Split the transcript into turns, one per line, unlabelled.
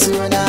soon